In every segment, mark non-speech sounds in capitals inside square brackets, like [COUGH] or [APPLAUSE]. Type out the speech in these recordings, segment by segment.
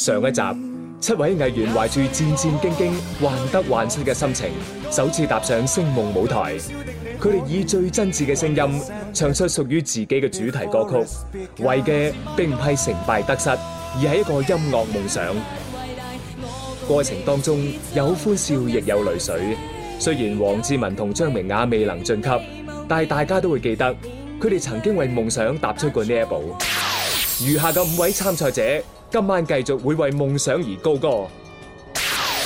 上一集，七位藝員懷住戰戰兢兢、患得患失嘅心情，首次踏上星夢舞台。佢哋以最真摯嘅聲音，唱出屬於自己嘅主題歌曲。為嘅並唔係成敗得失，而係一個音樂夢想。過程當中有歡笑，亦有淚水。雖然黃志文同張明雅未能晉級，但係大家都會記得，佢哋曾經為夢想踏出過呢一步。餘下嘅五位參賽者。今晚繼續會為夢想而高歌。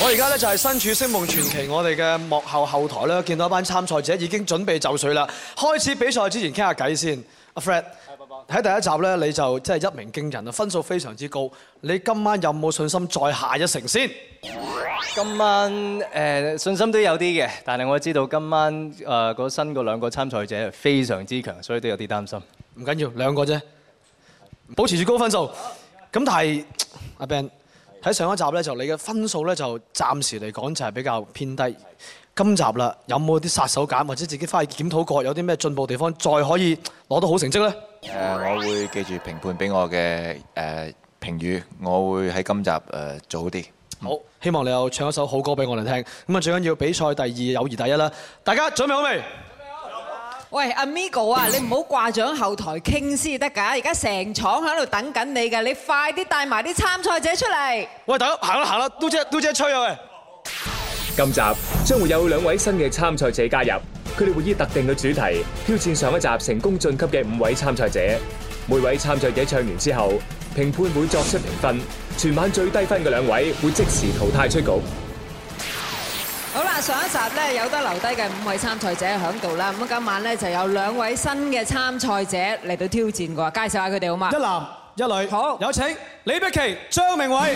我而家咧就係身處《星夢傳奇》我哋嘅幕後後台咧，見到一班參賽者已經準備就緒啦。開始比賽之前傾下偈先。阿 Fred，喺第一集咧，你就真係一鳴驚人啊，分數非常之高。你今晚有冇信心再下一城先？今晚誒，信心都有啲嘅，但係我知道今晚誒嗰新嗰兩個參賽者非常之強，所以都有啲擔心。唔緊要，兩個啫，保持住高分數。咁但係阿 Ben 喺上一集呢，就你嘅分數呢，就暫時嚟講就係比較偏低。今集啦，有冇啲殺手鐧或者自己翻去檢討過，有啲咩進步地方，再可以攞到好成績呢？我會記住評判俾我嘅誒評語，我會喺今集誒做好啲。好，希望你又唱一首好歌俾我哋聽。咁啊，最緊要比賽第二，友誼第一啦！大家準備好未？喂，阿 Migo 啊，你唔好掛住後台傾先得噶，而家成廠喺度等緊你噶，你快啲帶埋啲參賽者出嚟！喂，大哥，行啦行啦，嘟姐嘟姐吹啊喂！今集將會有兩位新嘅參賽者加入，佢哋會以特定嘅主題挑戰上一集成功晉級嘅五位參賽者。每位參賽者唱完之後，評判會作出評分，全晚最低分嘅兩位會即時淘汰出局。上一集咧有得留低嘅五位參賽者喺度啦，咁今晚咧就有兩位新嘅參賽者嚟到挑戰喎，介紹下佢哋好嗎？一男一女，好，有請李璧琦、張明偉。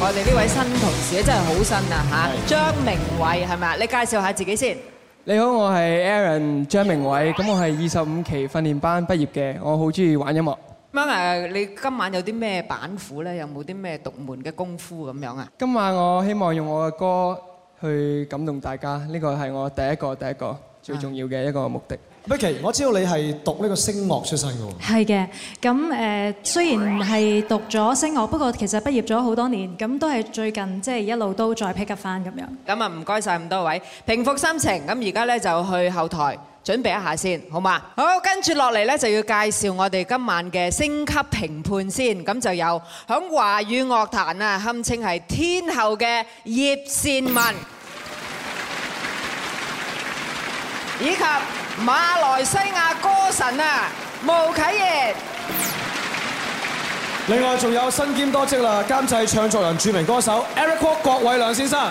我哋呢位新同事咧真係好新啊嚇，張明偉係咪啊？你介紹下自己先。你好，我係 Aaryn 張明偉，咁我係二十五期訓練班畢業嘅，我好中意玩音樂。咁誒，你今晚有啲咩板斧咧？有冇啲咩獨門嘅功夫咁樣啊？今晚我希望用我嘅歌去感動大家，呢個係我第一個、第一個最重要嘅一個目的。Becky，我知道你係讀呢個聲樂出身嘅喎。係嘅，咁誒雖然係讀咗聲樂，不過其實畢業咗好多年，咁都係最近即係一路都再 pick up 翻咁樣。咁啊，唔該曬咁多位，平復心情，咁而家咧就去後台。準備一下先，好嘛？好，跟住落嚟呢，就要介紹我哋今晚嘅星級評判先，咁就有響華語樂壇啊，堪稱係天后嘅葉蒨文，以及馬來西亞歌神啊，巫啟賢。另外仲有身兼多職啦，監製、唱作人、著名歌手 [LAUGHS] Eric Kwok 郭偉亮先生。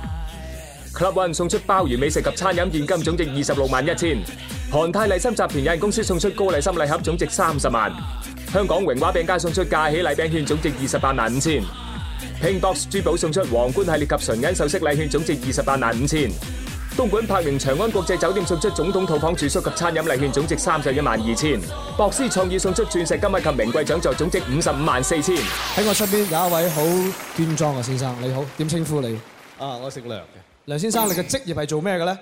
立雲送出鮑魚美食及餐飲現金總值二十六萬一千。韓泰麗參集團有限公司送出高麗參禮盒總值三十萬。香港榮華餅家送出嫁喜禮餅券總值二十八萬五千。拼搏珠寶送出皇冠系列及純銀首飾禮券總值二十八萬五千。東莞柏寧長安國際酒店送出總統套房住宿及餐飲禮券總值三十一萬二千。博思創意送出鑽石金塊及名貴獎座總值五十五萬四千。喺我身邊有一位好端莊嘅先生，你好，點稱呼你？啊，我姓梁。梁先生，你嘅職業係做咩嘅呢？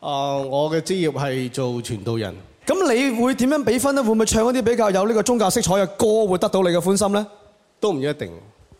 啊、呃，我嘅職業係做傳道人。咁你會點樣比分呢？會唔會唱一啲比較有呢個宗教色彩嘅歌，會得到你嘅歡心呢？都唔一定。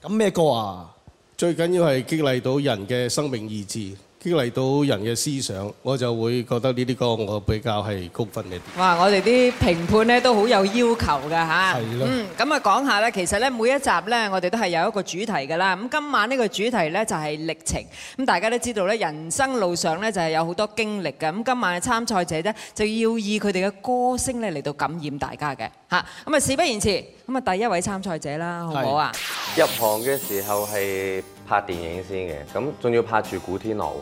咁咩歌啊？最緊要係激勵到人嘅生命意志。激勵到人嘅思想，我就會覺得呢啲歌我比較係高分嚟。哇！我哋啲評判咧都好有要求嘅嚇。係咯，咁啊講下咧，其實咧每一集咧，我哋都係有一個主題嘅啦。咁今晚呢個主題咧就係歷程。咁大家都知道咧，人生路上咧就係有好多經歷嘅。咁今晚嘅參賽者咧就要以佢哋嘅歌聲咧嚟到感染大家嘅嚇。咁啊，事不宜遲。咁啊，第一位參賽者啦，好唔好啊？入行嘅時候係拍電影先嘅，咁仲要拍住古天樂喎。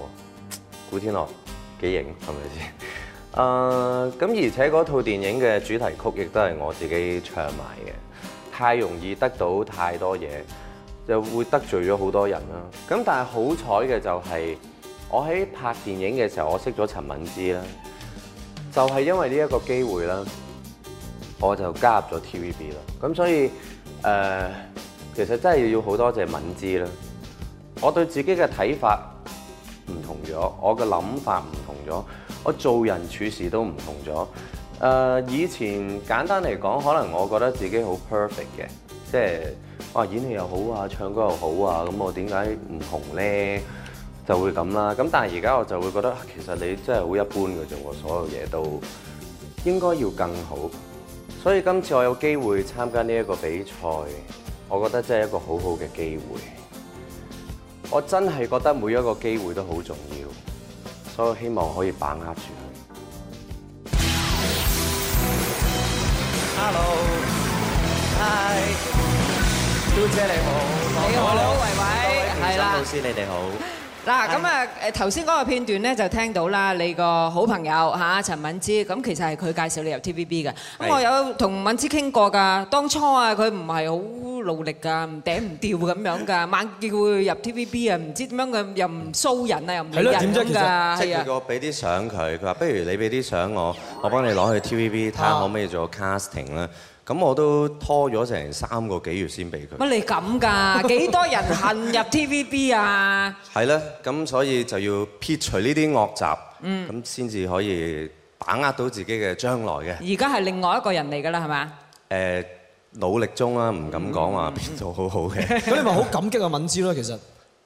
古天樂幾型，係咪先？誒，咁而且嗰套電影嘅主題曲亦都係我自己唱埋嘅。太容易得到太多嘢，就會得罪咗好多人啦。咁但係好彩嘅就係，我喺拍電影嘅時候，我識咗陳敏之啦。就係因為呢一個機會啦。我就加入咗 TVB 啦，咁所以，呃，其實真係要好多謝敏芝啦。我對自己嘅睇法唔同咗，我嘅諗法唔同咗，我做人處事都唔同咗。呃，以前簡單嚟講，可能我覺得自己好 perfect 嘅，即係哇演戲又好啊，唱歌又好啊，咁我點解唔紅咧？就會咁啦。咁但係而家我就會覺得，啊，其實你真係好一般嘅啫，我所有嘢都應該要更好。所以今次我有機會參加呢一個比賽，我覺得真係一個好好嘅機會。我真係覺得每一個機會都好重要，所以我希望可以把握住佢。Hello，嗨，嘟姐你好，你好，唯唯，係啦，老，唯唯老師你哋好。嗱咁啊！誒頭先嗰個片段咧就聽到啦，你個好朋友吓，陳敏之，咁其實係佢介紹你入 TVB 嘅。咁我有同敏之傾過噶，當初啊，佢唔係好努力噶，唔頂唔掉咁樣噶，晚叫佢入 TVB 啊，唔知點樣佢又唔騷人啊，又唔點啫㗎。係咯，點啫？其實即係我俾啲相佢，佢話不如你俾啲相我，我幫你攞去 TVB 睇下可唔可以做 casting 啦。咁我都拖咗成三個幾月先俾佢。乜你咁㗎？幾多人恨入 TVB 啊？係咧，咁所以就要撇除呢啲惡習，咁先至可以把握到自己嘅將來嘅。而家係另外一個人嚟㗎啦，係嘛？誒，努力中啦，唔敢講話變到好好嘅。咁你咪好感激阿敏之咯，其實。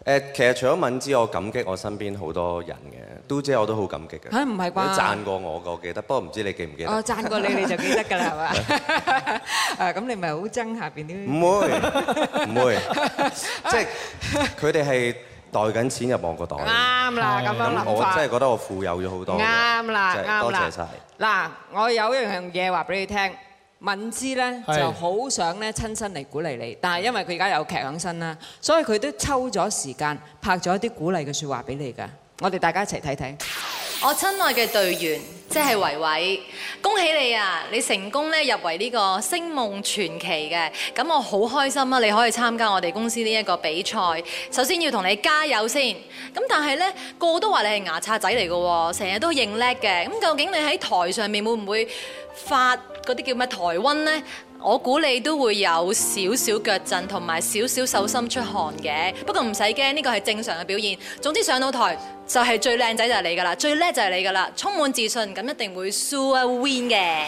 誒，其實除咗敏之，我感激我身邊好多人嘅，都姐我都好感激嘅。嚇，唔係啩？都讚過我嘅，我記得。不過唔知你記唔記得？我，讚過你你就記得㗎啦，係嘛？誒，咁你咪好憎下邊啲？唔會，唔會，即係佢哋係袋緊錢入我個袋。啱啦，咁樣諗法。咁我真係覺得我富有咗好多。啱啦，啱啦。多謝晒。嗱，我有一樣嘢話俾你聽。敏之呢就好想呢親身嚟鼓勵你，但係因為佢而家有劇響身啦，所以佢都抽咗時間拍咗一啲鼓勵嘅說話俾你㗎。我哋大家一齊睇睇，我親愛嘅隊員。即係唯唯，恭喜你啊！你成功咧入圍呢個星夢傳奇嘅，咁我好開心啊！你可以參加我哋公司呢一個比賽，首先要同你加油先。咁但係咧，個個都話你係牙刷仔嚟嘅喎，成日都認叻嘅。咁究竟你喺台上面會唔會發嗰啲叫咩台瘟咧？我估你都會有少少腳震同埋少少手心出汗嘅，不過唔使驚，呢個係正常嘅表現。總之上到台就係最靚仔就係你㗎啦，最叻就係你㗎啦，充滿自信咁一定會 sure win 嘅。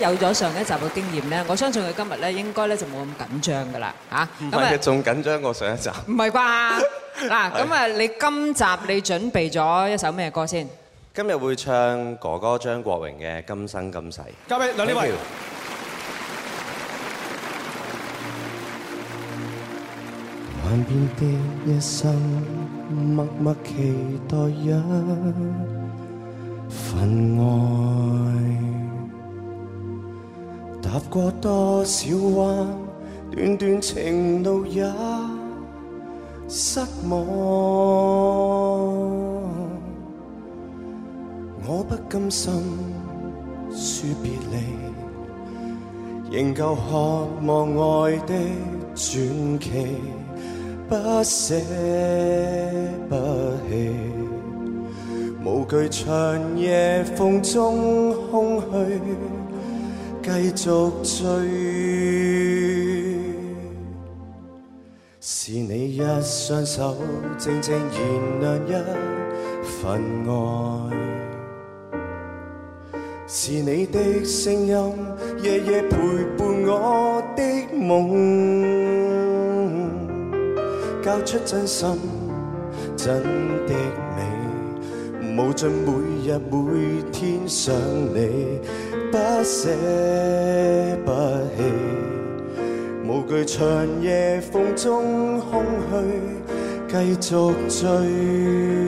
有咗上一集嘅經驗咧，我相信佢今日咧應該咧就冇咁緊張㗎啦。嚇，唔係嘅，仲緊張過上一集。唔係啩？嗱，咁啊，你今集你準備咗一首咩歌先？今日會唱哥哥張國榮嘅《今生今世》，交俾梁烈唯。幻變的一生，默默期待一份愛。踏過多少哀，段段情路也失望。我不甘心說別離，仍舊渴望愛的轉機，不捨不棄，無懼長夜風中空虛，繼續追。是你一雙手，靜靜燃亮一份愛。是你的聲音，夜夜陪伴我的夢。交出真心，真的你。無盡每日每天想你，不捨不棄，無懼長夜風中空虛，繼續追。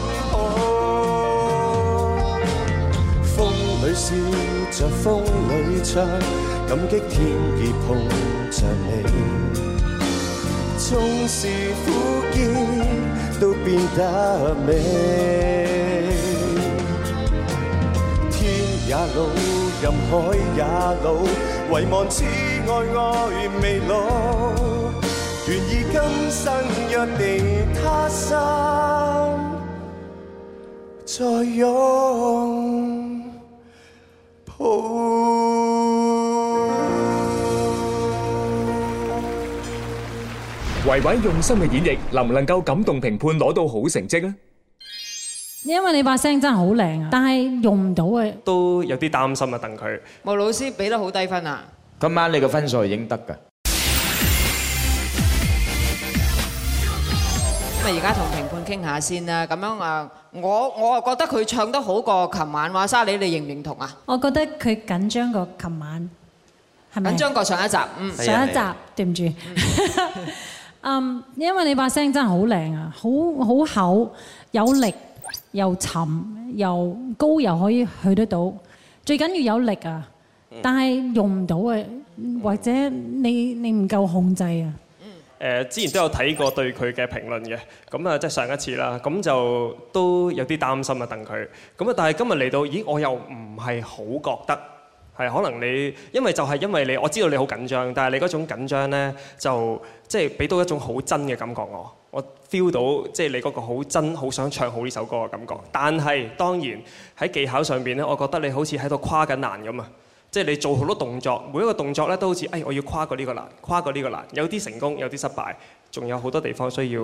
微笑着風裏唱，感激天意碰着你，縱是苦澀都變得美。天也老，人海也老，唯望此愛愛未老，願意今生約定他生再擁。維維用心嘅演繹，能唔能夠感動評判，攞到好成績咧？因為你把聲真係好靚啊，但係用唔到啊，都有啲擔心啊。鄧佢，巫老師俾得好低分啊！今晚你個分數係應得噶。咁啊，而家同。傾下先啦，咁樣啊，我我啊覺得佢唱得好過琴晚，話莎莉，你認唔認同啊？我覺得佢緊張過琴晚，係咪緊張過上一集？嗯，上一集對唔住，嗯，因為你把聲真係好靚啊，好好厚，有力又沉又高，又可以去得到，最緊要有力啊，但係用唔到啊，或者你你唔夠控制啊。之前都有睇過對佢嘅評論嘅，咁啊即係上一次啦，咁就都有啲擔心啊，等佢。咁啊，但係今日嚟到，咦，我又唔係好覺得係可能你，因為就係因為你我知道你好緊張，但係你嗰種緊張呢，就即係俾到一種好真嘅感覺我，我 feel 到即係、就是、你嗰個好真、好想唱好呢首歌嘅感覺。但係當然喺技巧上面呢，我覺得你好似喺度跨緊難咁啊！即係你做好多動作，每一個動作咧都好似，哎，我要跨過呢個難，跨過呢個難。有啲成功，有啲失敗，仲有好多地方需要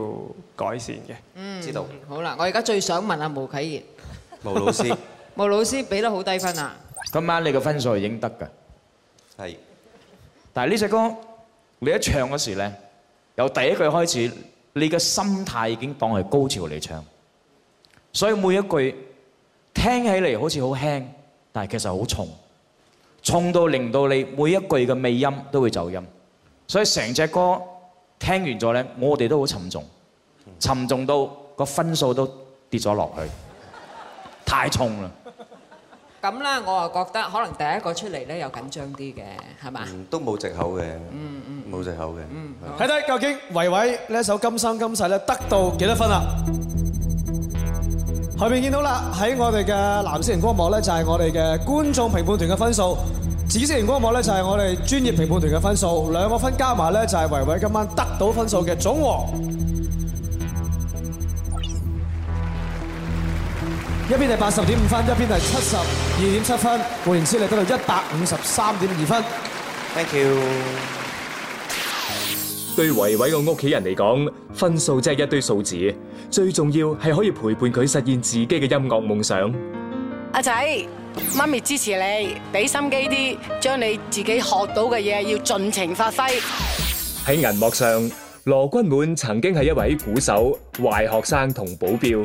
改善嘅。嗯，知道，好啦，我而家最想問下巫啟賢，巫老師 [LAUGHS] ，巫老師俾得好低分啊！今晚你個分數係應得㗎，係。但係呢隻歌你一唱嗰時咧，由第一句開始，你嘅心態已經當係高潮嚟唱，所以每一句聽起嚟好似好輕，但係其實好重。重到令到你每一句嘅尾音都會走音，所以成隻歌聽完咗咧，我哋都好沉重，沉重到個分數都跌咗落去，太重啦。咁咧，我就覺得可能第一個出嚟咧又緊張啲嘅，係嘛？都冇藉口嘅，冇藉口嘅、嗯嗯、冇藉口嘅。睇、嗯、睇、嗯、究竟唯唯呢一首《今生今世》咧得到幾多分呀？後面見到啦，喺我哋嘅藍色螢光幕咧，就係我哋嘅觀眾評判團嘅分數；紫色螢光幕咧，就係我哋專業評判團嘅分數。兩個分加埋咧，就係維維今晚得到分數嘅總和。一邊係八十點五分，一邊係七十二點七分，換言之你得到一百五十三點二分。Thank you。對唯唯個屋企人嚟講，分數即係一堆數字，最重要係可以陪伴佢實現自己嘅音樂夢想。阿仔，媽咪支持你，俾心機啲，將你自己學到嘅嘢要盡情發揮。喺銀幕上，羅鈞滿曾經係一位鼓手、壞學生同保鏢。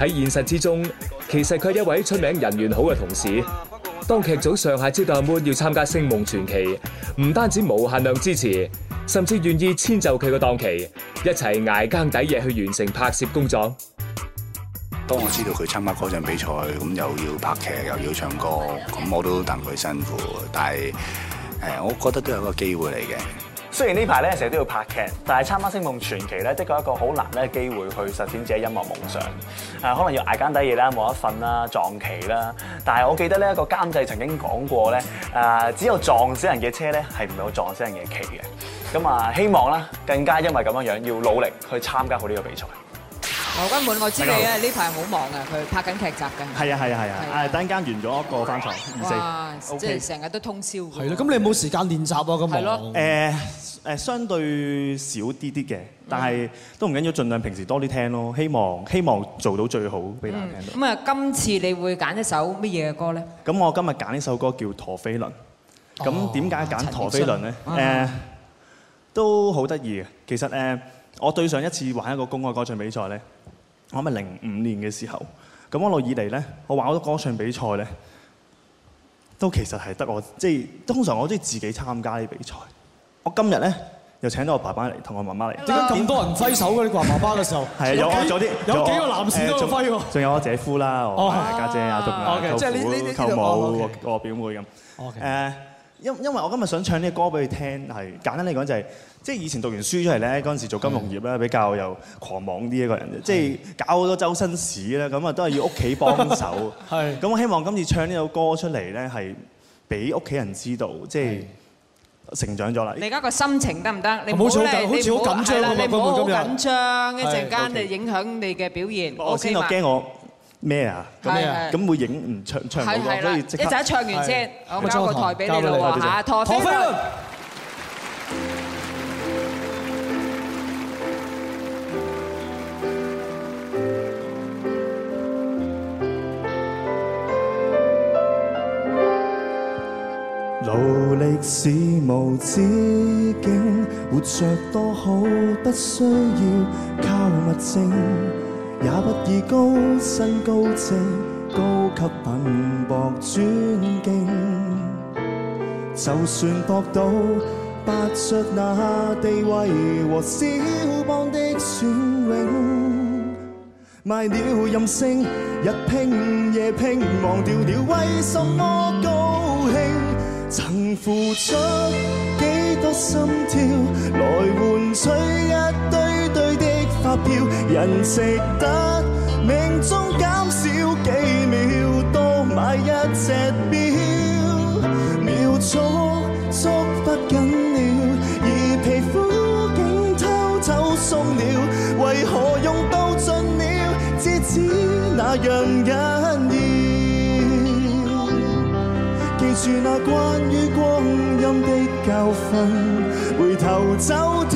喺現實之中，其實佢係一位出名人緣好嘅同事。當劇組上下知道阿妹要參加《星夢傳奇》，唔單止無限量支持，甚至願意遷就佢個檔期，一齊捱更抵夜，去完成拍攝工作。當我知道佢參加嗰陣比賽，咁又要拍劇又要唱歌，咁我都戥佢辛苦。但係，誒，我覺得都有個機會嚟嘅。雖然呢排咧成日都要拍劇，但係參加《星夢傳奇》咧，的確一個好難嘅機會去實踐自己音樂夢想。啊，可能要捱更抵夜啦，冇得瞓啦，撞期啦。但係我記得咧，個監製曾經講過咧，啊，只有撞死人嘅車咧，係唔會有撞死人嘅期嘅。咁啊，希望啦，更加因為咁樣樣，要努力去參加好呢個比賽。羅鈞滿，我知你啊！呢排好忙啊，佢拍緊劇集嘅。係啊，係啊，係啊！誒，等間完咗一個翻場，二四。哇！即係成日都通宵。係咯，咁你冇時間練習啊？咁忙。係咯。誒誒，相對少啲啲嘅，但係都唔緊要，儘量平時多啲聽咯。希望希望做到最好俾大家聽到。咁啊，今次你會揀一首乜嘢嘅歌咧？咁我今日揀呢首歌叫《陀飛輪》。咁點解揀《陀飛輪》咧？誒，都好得意嘅。其實咧，我對上一次玩一個公開歌唱比賽咧。我咪零五年嘅時候，咁一路以嚟咧，我玩好多歌唱比賽咧，都其實係得我，即係通常我都自己參加啲比賽。我今日咧又請咗我爸爸嚟，同我媽媽嚟。點解咁多人揮手嘅，你話爸爸嘅時候。係有啲有幾個男士都嚮揮嘅。仲有,有,有,有我姐夫啦，家姐啊，舅父、舅母、舅母我表妹咁。因因為我今日想唱呢個歌俾佢聽，係簡單嚟講就係，即係以前讀完書出嚟咧，嗰陣時做金融業咧，比較又狂妄啲一個人，即係搞好多周身屎咧，咁啊都係要屋企幫手。係，咁我希望今次唱呢首歌出嚟咧，係俾屋企人知道，即係成長咗啦。你而家個心情得唔得？你唔好錯，就好似好緊張，唔好今日唔好緊張，一陣間就影響你嘅表現。我先又驚我。咩啊？咁咩啊？咁會影唔唱唱唔完，所以即刻一陣，一唱完先，交個台俾你啦嚇，陀飛輪。勞力是無止境，活著多好，不需要靠物證，也不以高薪高職高級品搏尊敬， [MUSIC] 就算搏到伯爵那地位和肖邦的雋永， [MUSIC] 賣了任性，日拼夜拼，忘掉了為什麼高興， [MUSIC] 曾付出幾多心跳來換取一堆。人值得命中減少幾秒，多買一隻表。秒速捉不緊了，而皮膚竟偷走鬆了，為何用到盡了，至知那樣緊要，記住那關於光陰的教訓，回頭走。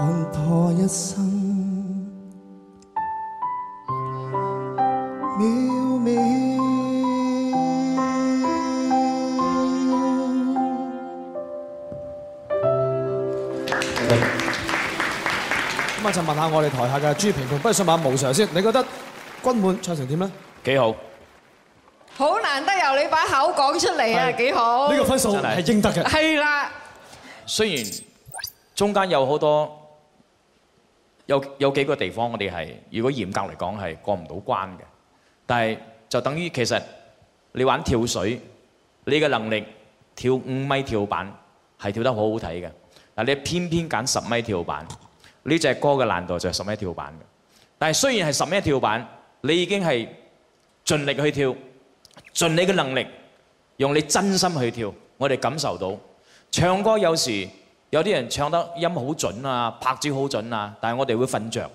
看破一生渺渺。咁啊，就問下我哋台下嘅諸評判，不如上問下無常先。你覺得鈞滿唱成點咧？幾好？好難得由你把口講出嚟啊！幾好？呢個分數係應得嘅。係啦。雖然中間有好多。有有幾個地方我哋係，如果嚴格嚟講係過唔到關嘅。但係就等於其實你玩跳水，你嘅能力跳五米跳板係跳得好好睇嘅。但你偏偏揀十米跳板，呢隻歌嘅難度就係十米跳板嘅。但係雖然係十米跳板，你已經係盡力去跳，盡你嘅能力，用你真心去跳，我哋感受到唱歌有時。有啲人唱得音好準啊，拍子好準啊，但係我哋會瞓著，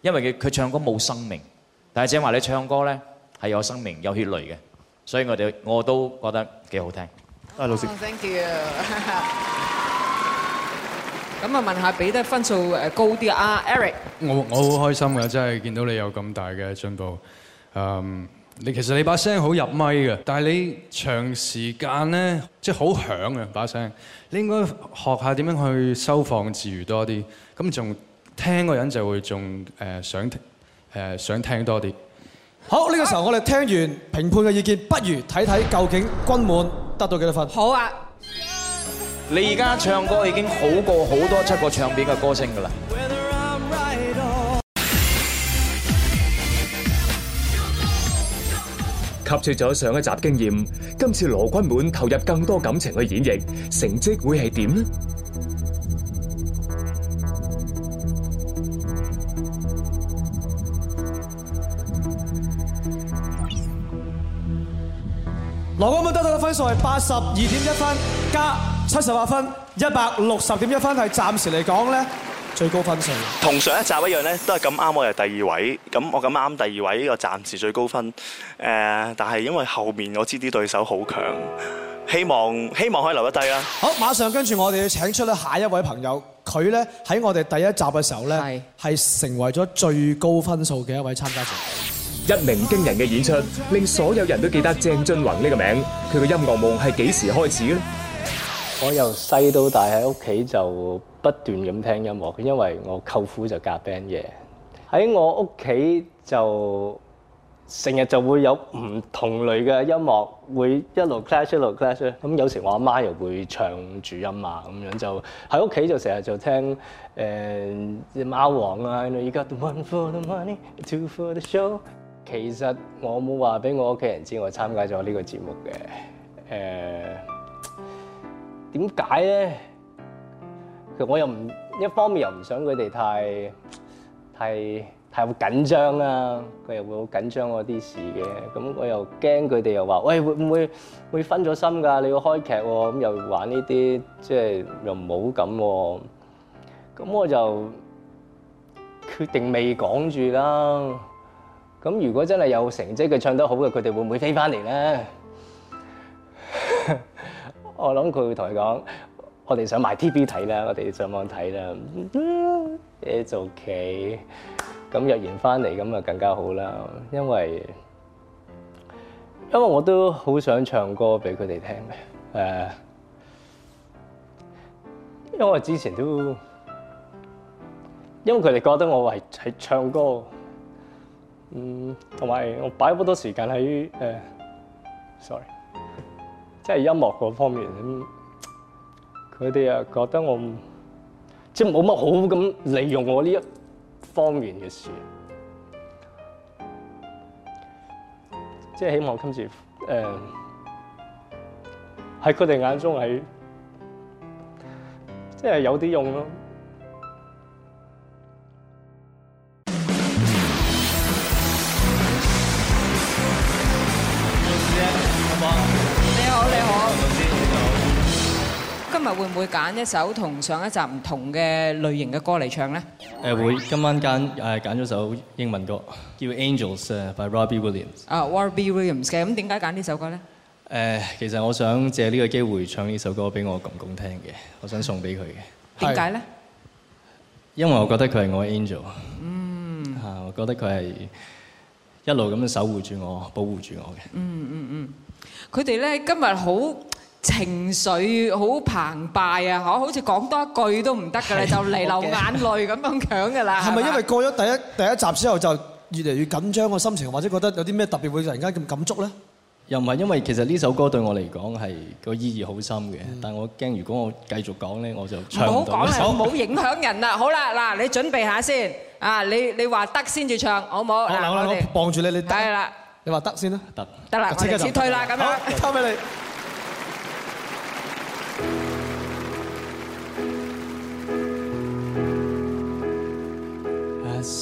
因為佢佢唱歌冇生命。但係正話你唱歌咧係有生命、有血淚嘅，所以我哋我都覺得幾好聽。多謝老師。Thank you。咁啊，問下俾得分數誒高啲啊，Eric。我我好開心嘅，真係見到你有咁大嘅進步。嗯。你其實你把聲好入咪嘅，但係你長時間咧即係好響呀把聲，你應該學下點樣去收放自如多啲。咁仲聽個人就會仲誒想誒想聽多啲。好，呢個時候我哋聽完評判嘅意見，不如睇睇究竟鈞滿得到幾多分？好啊！你而家唱歌已經好過好多出過唱片嘅歌星噶啦。吸取咗上一集經驗，今次羅鈞滿投入更多感情去演繹，成績會係點呢？羅鈞滿得到嘅分數係八十二點一分加七十八分，一百六十點一分，係暫時嚟講呢，最高分數，同上一集一樣咧，都係咁啱我係第二位，咁我咁啱第二位呢個暫時最高分，誒，但係因為後面我知啲對手好強，希望希望可以留得低啦。好，馬上跟住我哋要請出咧下一位朋友，佢咧喺我哋第一集嘅時候咧，係成為咗最高分數嘅一位參加者。一鳴驚人嘅演出，令所有人都記得鄭俊弘呢個名，佢嘅音樂夢係幾時開始咧？我由細到大喺屋企就。不斷咁聽音樂，因為我舅父就夾 band 嘅。喺我屋企就成日就會有唔同類嘅音樂會一路 clash 一路 clash。咁有時我阿媽，媽又會唱主音啊，咁樣就喺屋企就成日就聽誒嗯、貓王啊。You got the one for the money, two for the show。其實我冇話俾我屋企人知，我參加咗呢個節目嘅。誒點解咧？佢我又唔一方面又唔想佢哋太太太好緊張啦，佢又會好緊張嗰啲事嘅，咁我又驚佢哋又話喂會唔會會分咗心㗎？你要開劇喎、哦，咁又玩呢啲，即係又唔好咁，咁我就決定未講住啦。咁如果真係有成績，佢唱得好嘅，佢哋會唔會飛翻嚟咧？ [LAUGHS] 我諗佢會同你講。我哋想買 T.V. 睇啦，我哋上網睇啦，誒做棋，咁、okay. 若然翻嚟咁啊更加好啦，因為因為我都好想唱歌俾佢哋聽嘅、啊，因為我之前都，因為佢哋覺得我係係唱歌，嗯，同埋我擺好多時間喺誒、啊、sorry，即係音樂方面咁。佢哋呀覺得我即係冇乜好咁利用我呢一方面嘅事，即係希望今次誒喺佢哋眼中係即係有啲用咯。今日會唔會揀一首同上一集唔同嘅類型嘅歌嚟唱咧？誒會，今晚揀誒揀咗首英文歌，叫《Angels》by Robbie Williams。啊，Robbie Williams 嘅，咁點解揀呢首歌咧？誒，其實我想借呢個機會唱呢首歌俾我公公聽嘅，我想送俾佢嘅。點解咧？因為我覺得佢係我嘅 angel。嗯。嚇，我覺得佢係一路咁樣守護住我、保護住我嘅。嗯嗯嗯，佢哋咧，今日好。情緒好澎湃啊！嗬，好似講多一句都唔得㗎啦，就嚟流眼淚咁樣樣㗎啦。係咪因為過咗第一第一集之後，就越嚟越緊張個心情，或者覺得有啲咩特別會突然間咁感觸咧？又唔係因為其實呢首歌對我嚟講係個意義好深嘅，但我驚如果我繼續講咧，我就唱唔到。唔好講啦，唔好影響人啦。好啦，嗱你準備下先啊！你你話得先至唱，好唔好？嗱我我幫住你，你得啦。你話得先啦，得得啦，我即刻撤退啦咁樣，交俾你。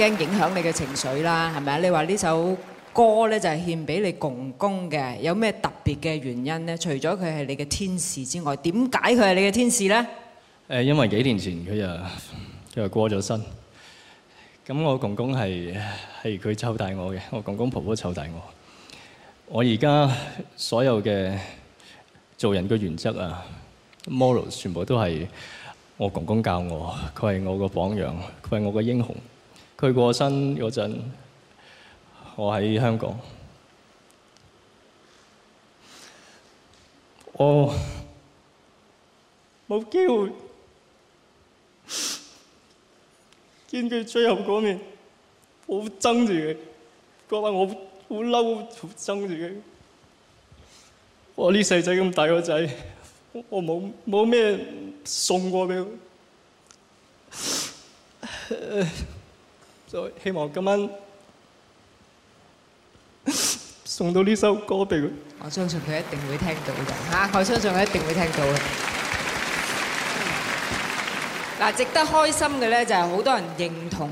驚影響你嘅情緒啦，係咪啊？你話呢首歌咧就係獻俾你公公嘅，有咩特別嘅原因咧？除咗佢係你嘅天使之外，點解佢係你嘅天使咧？誒，因為幾年前佢又佢就過咗身，咁我公公係係佢湊大我嘅，我公公婆婆湊大我，我而家所有嘅做人嘅原則啊，moral 全部都係我公公教我，佢係我個榜樣，佢係我個英雄。佢過身嗰陣，我喺香港，我冇機會見佢最後嗰面，好憎自己，覺得我好嬲，好憎自己，我呢細仔咁大個仔，我冇冇咩送過畀佢。 [LAUGHS] 所以希望今晚送到呢首歌俾佢。我相信佢一定會聽到嘅吓，我相信佢一定會聽到嘅。嗱，值得開心嘅咧就係好多人認同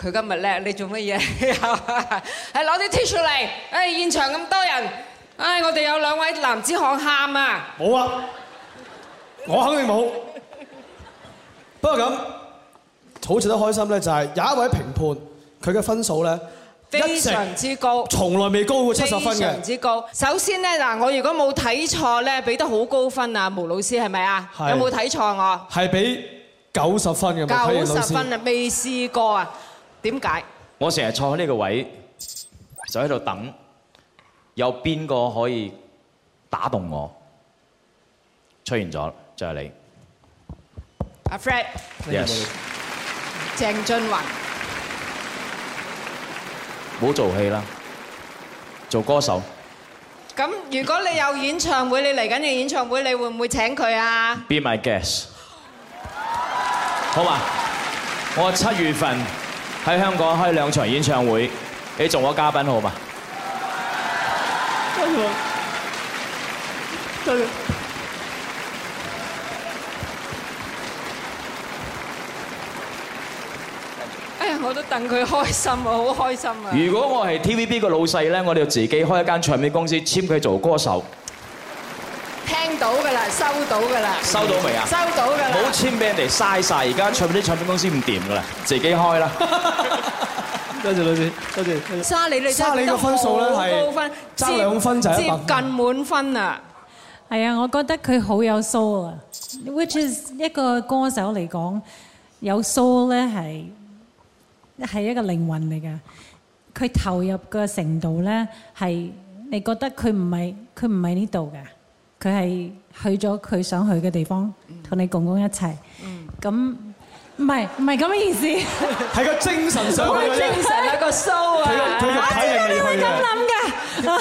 佢今日咧，你做乜嘢？係攞啲 T 恤嚟，唉！現場咁多人，唉！我哋有兩位男子漢喊啊！冇啊，我肯定冇。不過咁。好值得開心咧，就係有一位評判佢嘅分數咧，非常之高，從來未高過七十分嘅，非常之高。首先咧，嗱，我如果冇睇錯咧，俾得好高分啊，毛老師係咪啊？有冇睇錯我？係俾九十分嘅，毛老師。九十分啊，未試過啊？點解？我成日坐喺呢個位，就喺度等有邊個可以打動我。出現咗，就係你。阿 Fred。Yes。鄭俊弘，唔好做戲啦，做歌手。咁如果你有演唱會，你嚟緊嘅演唱會，你會唔會請佢啊？Be my guest，好嘛？我七月份喺香港開兩場演唱會，你做我嘉賓好嘛？我都戥佢開心，我好開心啊！如果我係 TVB 個老細咧，我哋自己開一間唱片公司，簽佢做歌手。聽到噶啦，收到噶啦，收到未啊？收到噶啦，冇簽俾人哋嘥曬。而家唱片啲唱片公司唔掂噶啦，自己開啦。多謝老師，多謝。沙你你真係都好高分，差兩分就接近滿分啦。係啊，我覺得佢好有 soul 啊，which is 一個歌手嚟講有 soul 咧係。係一個靈魂嚟㗎，佢投入嘅程度咧，係你覺得佢唔係佢唔係呢度嘅，佢係去咗佢想去嘅地方，同你共工一齊。咁唔係唔係咁嘅意思，係個精神上。精神係一個 show 啊，體嚟嚟去嘅。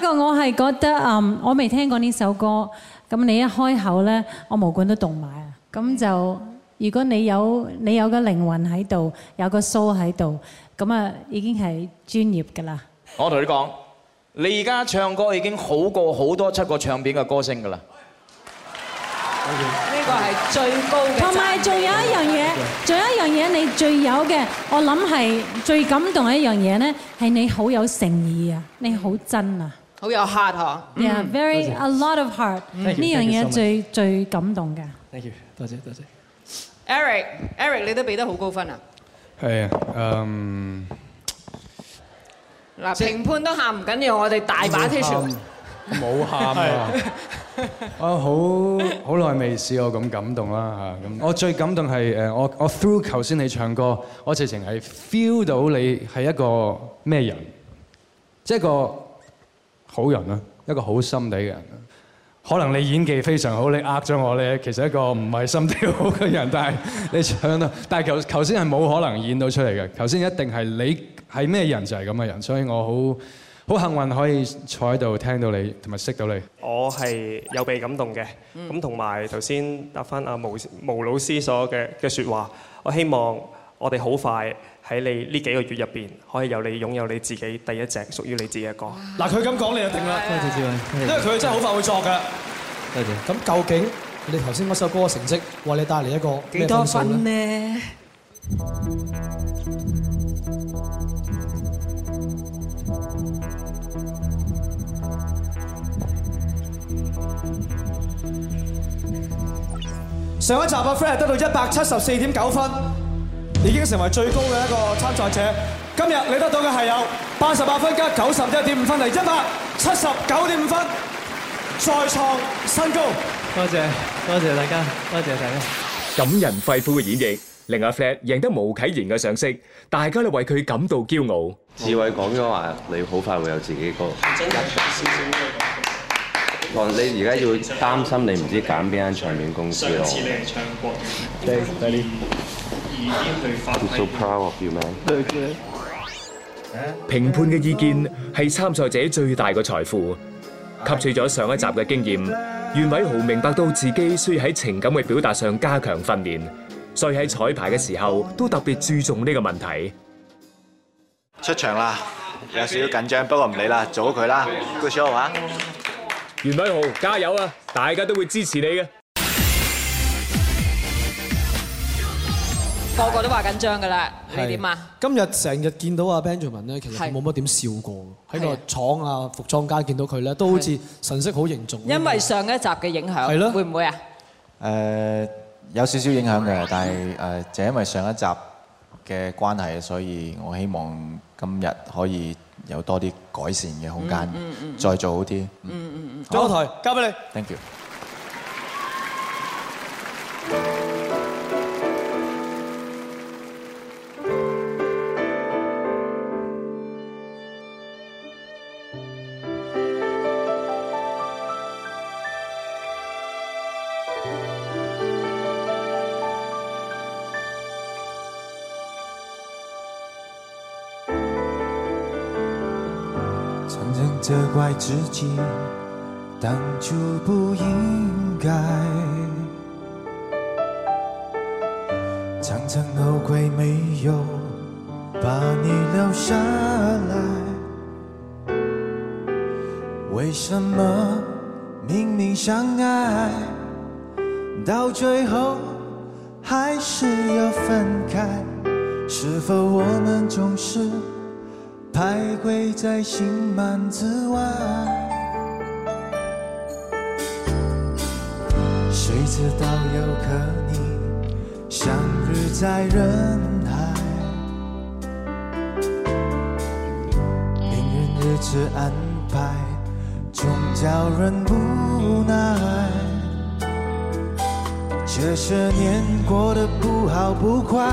不過我係覺得，嗯，我未聽過呢首歌，咁你一開口咧，我毛管都動埋啊，咁就。如果你有你有個靈魂喺度，有個 soul 喺度，咁啊已經係專業嘅啦。我同你講，你而家唱歌已經好過好多出過唱片嘅歌星嘅啦。呢個係最高嘅。同埋仲有一樣嘢，仲有一樣嘢，你最有嘅，我諗係最感動一樣嘢咧，係你好有誠意啊，你好真啊，好有 heart 啊。Yeah, very a lot of heart。呢樣嘢最謝謝最感動嘅。Thank you，多謝多謝。謝謝謝謝。Eric，Eric，Eric 你都俾得好高分啊！係啊，嗯。嗱，評判都喊唔緊要，我哋大把 tissue 冇喊啊！我好好耐未試過咁感動啦嚇。咁我最感動係誒，我我 through 頭先你唱歌，我直情係 feel 到你係一個咩人，即係個好人啊，一個好心底嘅人。可能你演技非常好，你呃咗我咧，其實是一個唔係心地好嘅人，但係你唱到，但係頭頭先係冇可能演到出嚟嘅，頭先一定係你係咩人就係咁嘅人，就是、人所以我好好幸運可以坐喺度聽到你同埋識到你。我係有被感動嘅，咁同埋頭先答翻阿毛毛老師所有嘅說話，我希望我哋好快。喺你呢幾個月入邊，可以由你擁有你自己第一隻屬於你自己嘅歌。嗱，佢咁講你就定啦，多謝志偉，因為佢真係好快會作㗎。多謝。咁究竟你頭先嗰首歌嘅成績為你帶嚟一個幾多分呢？上一集阿 Fred 得到一百七十四點九分。已經成為最高嘅一個參賽者。今日你得到嘅係有八十八分加九十一點五分，嚟一百七十九點五分，再創新高，謝謝。多謝，多謝大家，多謝，謝大家。感人肺腑嘅演繹，令阿 Fred 贏得巫啟賢嘅賞識，大家都為佢感到驕傲。智偉講咗話，你好快會有自己歌。增你而家要擔心你唔知揀邊間唱片公司咯。唱歌，評判嘅意見係參賽者最大嘅財富。吸取咗上一集嘅經驗，袁偉豪明白到自己需要喺情感嘅表達上加強訓練，所以喺彩排嘅時候都特別注重呢個問題。出場啦，有少少緊張，不過唔理啦，做好佢啦。小豪啊，袁偉豪，加油啊！大家都會支持你嘅。個個都話緊張噶啦，你點啊？今日成日見到阿 Benjamin 咧，其實冇乜點笑過，喺個廠啊服裝間見到佢咧，都好似神色好凝重。因為上一集嘅影響，係咯，會唔會啊？誒，有少少影響嘅，但係誒，就因為上一集嘅關係，所以我希望今日可以有多啲改善嘅空間，嗯嗯，再做好啲，嗯嗯嗯，仲有個台交俾你，thank you。自己當初不應該，常常後悔沒有把你留下來。為什麼明明相愛，到最後還是要分開？是否我們總是……徘徊在心門之外，誰知道又和你相遇在人海，命運如此安排，總叫人無奈。這些年過得不好不壞。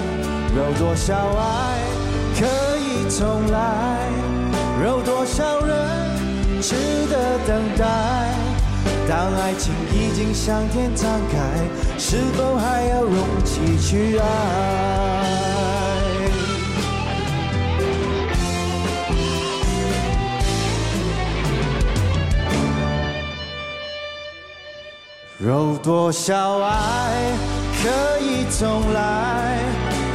有多少愛可以重來？有多少人值得等待？當愛情已經桑田滄海，是否還有勇氣去愛？有多少愛可以重來？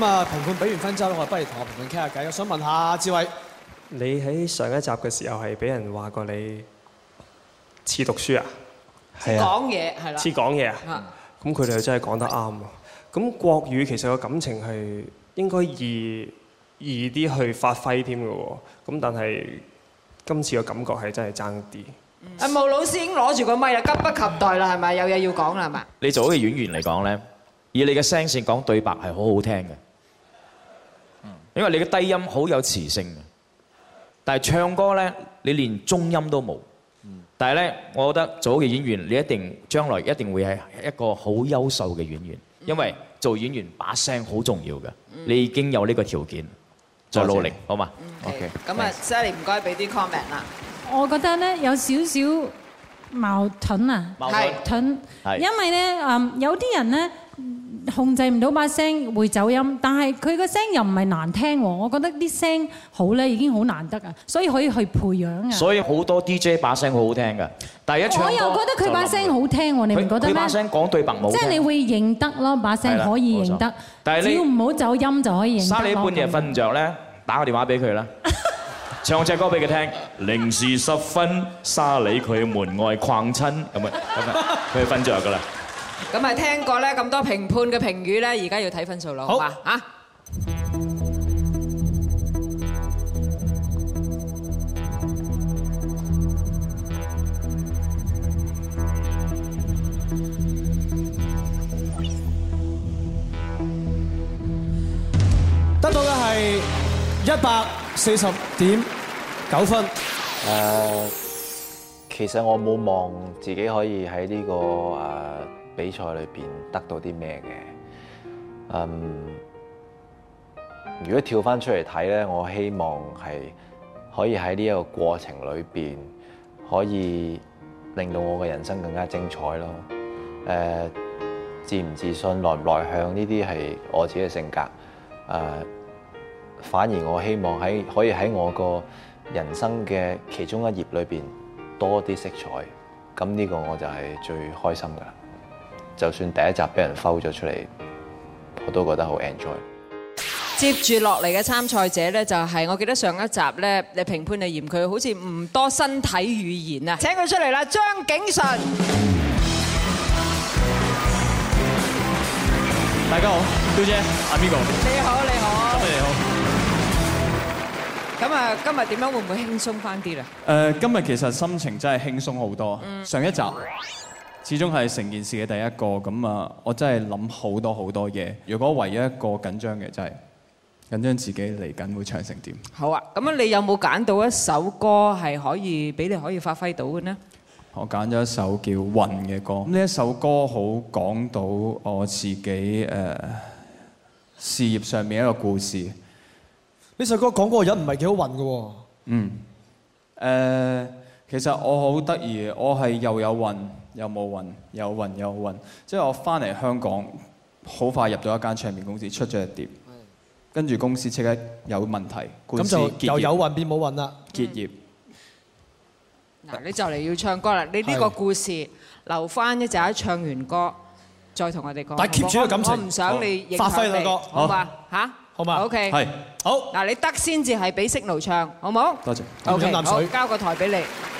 咁啊，評判俾完分之後，我不如同我評判傾下偈。我想問下智偉，你喺上一集嘅時候係俾人話過你似讀書啊？係啊，講嘢係啦。似講嘢啊！咁佢哋又真係講得啱喎。咁國語其實個感情係應該易易啲去發揮添嘅喎。咁但係今次個感覺係真係爭啲。阿毛老師已經攞住個咪啦，急不及待啦，係咪？有嘢要講啦，係嘛？你做一個演員嚟講咧，以你嘅聲線講對白係好好聽嘅。因為你嘅低音好有磁性，但係唱歌咧，你連中音都冇。但係咧，我覺得做好嘅演員，你一定將來一定會係一個好優秀嘅演員，因為做演員把聲好重要嘅。你已經有呢個條件，再努力好嘛？OK。咁啊，Sir，唔該俾啲 comment 啦。我覺得咧有少少矛盾啊，矛盾。係。因為咧，嗯，有啲人咧。控制唔到把聲會走音，但係佢個聲又唔係難聽喎。我覺得啲聲好咧，已經好難得啊，所以可以去培養啊。所以好多 DJ 把聲好好聽㗎。第一場我又覺得佢把聲好聽喎，你唔覺得咩？佢佢把聲講對白冇。即係你會認得咯，把聲可以認得。但係你，只要唔好走音就可以認得。沙你半夜瞓唔著咧，打個電話俾佢啦，唱隻歌俾佢聽。零時十分，沙你佢門外逛親，咁啊咁啊，佢瞓著噶啦。咁係聽過咧咁多評判嘅評語咧，而家要睇分數囉，好啊，啊！得到嘅係一百四十點九分。誒，其實我冇望自己可以喺呢個誒。比賽裏面得到啲咩嘅？嗯，如果跳翻出嚟睇呢，我希望係可以喺呢一個過程裏面可以令到我嘅人生更加精彩咯。呃，自唔自信，內唔內向呢啲係我自己嘅性格。呃，反而我希望喺可以喺我個人生嘅其中一頁裏面多啲色彩，咁呢個我就係最開心噶啦。就算第一集俾人摟咗出嚟，我都覺得好 enjoy。接住落嚟嘅參賽者咧，就係我記得上一集咧，你評判你嫌佢好似唔多身體語言啊。請佢出嚟啦，張景淳。大家好，表姐，阿邊個？你好，你好。咁啊，今日點樣會唔會輕鬆翻啲咧？誒、呃，今日其實心情真係輕鬆好多、嗯。上一集。始終係成件事嘅第一個咁啊！我真係諗好多好多嘢。如果唯一一個緊張嘅就係緊張自己嚟緊會唱成點。好啊！咁樣你有冇揀到一首歌係可以俾你可以發揮到嘅呢？我揀咗一首叫《運》嘅歌。呢一首歌好講到我自己誒事業上面一個故事。呢首歌講嗰個人唔係幾好運㗎喎。嗯。誒，其實我好得意，我係又有運。有冇運？有運有運，即係我翻嚟香港，好快入咗一間唱片公司，出咗一碟，跟住公司即刻有問題，咁就由有運變冇運啦，結業。嗱，你就嚟要唱歌啦，你呢個故事留翻一陣，一唱完歌，再同我哋講。但係 keep 住個感情，我唔想你影埋地。發揮唱歌，好嘛？好嘛？O K，好。嗱，你得先至係俾色盧唱，好唔好,好？多謝。O K，交個台俾你好好。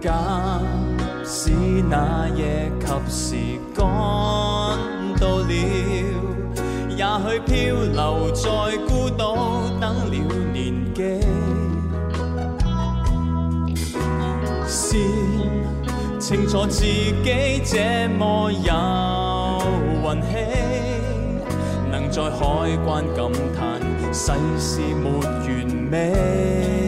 假使那夜及時趕到了，也許漂流在孤島等了年紀，先清楚自己這麼有運氣，能在海關感嘆世事沒完美。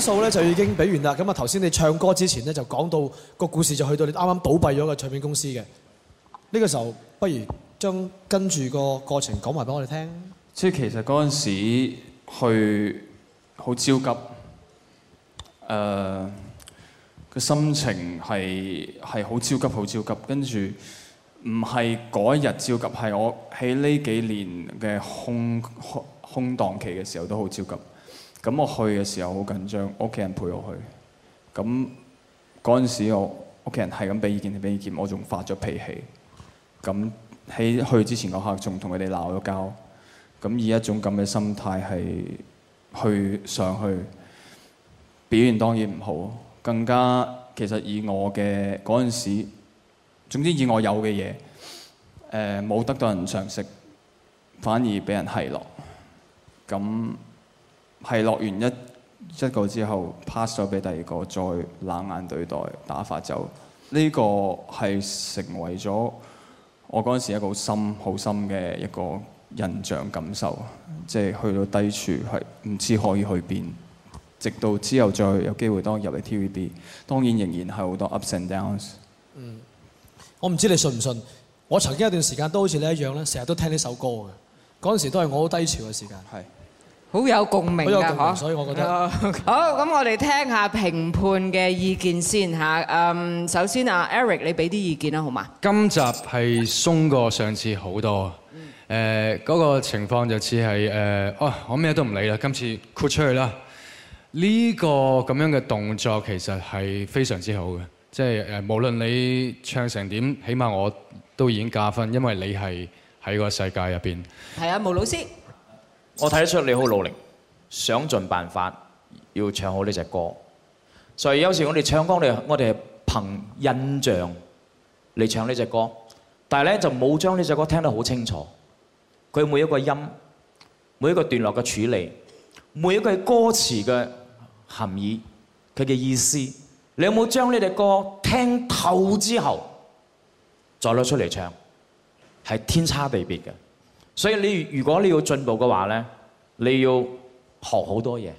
數咧就已經俾完啦。咁啊，頭先你唱歌之前咧就講到個故事，就去到你啱啱倒閉咗嘅唱片公司嘅。呢個時候，不如將跟住個過程講埋俾我哋聽。即係其實嗰陣時去好焦急，誒、呃，個心情係係好焦急，好焦急。跟住唔係嗰一日焦急，係我喺呢幾年嘅空空空檔期嘅時候都好焦急。咁我去嘅時候好緊張，屋企人陪我去。咁嗰陣時，我屋企人係咁俾意見，俾意見，我仲發咗脾氣。咁喺去之前嗰刻仲同佢哋鬧咗交。咁以一種咁嘅心態係去上去，表現當然唔好。更加其實以我嘅嗰陣時，總之以我有嘅嘢，誒、冇得到人賞識，反而俾人奚落。咁係落完一一個之後 pass 咗俾第二個，再冷眼對待打發走。呢個係成為咗我嗰陣時一個好深、好深嘅一個印象感受。即係去到低處係唔知可以去邊，直到之後再有機會當入嚟 TVB，當然仍然係好多 ups and downs。嗯，我唔知你信唔信，我曾經有段時間都好似你一樣咧，成日都聽呢首歌嘅。嗰陣時都係我好低潮嘅時間。係。好有共鳴㗎，所以我覺得好。咁我哋聽下評判嘅意見先吓。嗯，首先啊，Eric，你俾啲意見啦，好嘛？今集係鬆過上次好多。誒，嗰個情況就似係誒，哦，我咩都唔理啦，今次豁出去啦。呢個咁樣嘅動作其實係非常之好嘅，即係誒，無論你唱成點，起碼我都已經加分，因為你係喺個世界入邊。係啊，巫老師。我睇得出你好努力，想盡辦法要唱好呢隻歌。所以有時我哋唱歌，我哋係憑印象嚟唱呢隻歌，但係咧就冇將呢隻歌聽得好清楚。佢每一個音、每一個段落嘅處理、每一句歌詞嘅含義、佢嘅意思，你有冇將呢隻歌聽透之後再攞出嚟唱，係天差地別嘅。所以你如果你要進步嘅話咧，你要學好多嘢，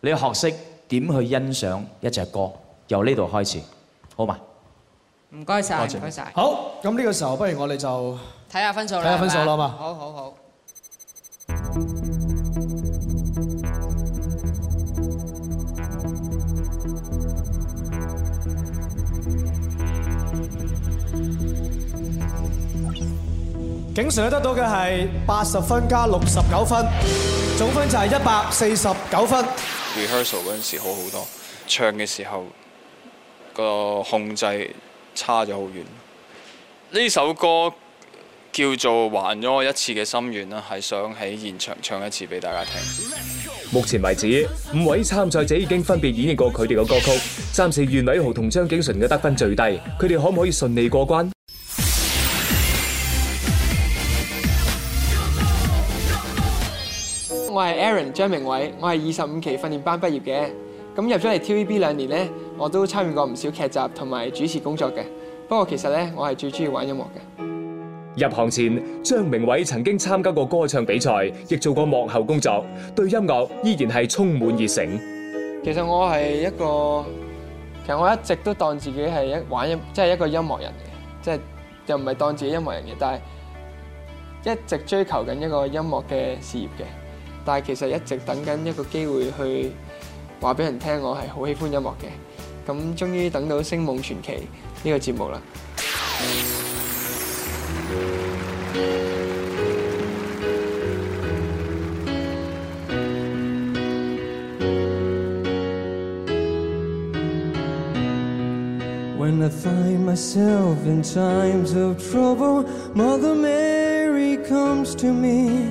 你要學識點去欣賞一隻歌，由呢度開始，好嘛？唔該晒，唔該晒。好，咁呢個時候不如我哋就睇下分數啦，睇下分數啦，好嘛？好好好。好。景淳得到嘅係八十分加六十九分，總分就係一百四十九分。rehearsal 嗰陣時好好多，唱嘅時候個控制差咗好遠。呢首歌叫做還咗我一次嘅心願啦，係想喺現場唱一次俾大家聽。目前為止，五位參賽者已經分別演繹過佢哋嘅歌曲，暫時袁偉豪同張景淳嘅得分最低，佢哋可唔可以順利過關？我係 Aaryn 張明偉，我係二十五期訓練班畢業嘅。咁入咗嚟 TVB 兩年咧，我都參與過唔少劇集同埋主持工作嘅。不過其實咧，我係最中意玩音樂嘅。入行前，張明偉曾經參加過歌唱比賽，亦做過幕後工作，對音樂依然係充滿熱誠。其實我係一個，其實我一直都當自己係一玩音，即係一個音樂人嘅，即係又唔係當自己音樂人嘅，但係一直追求緊一個音樂嘅事業嘅。但係其實一直等緊一個機會去話俾人聽，我係好喜歡音樂嘅。咁終於等到《星夢傳奇》呢個節目啦。When I find myself in times of trouble, Mother Mary comes to me.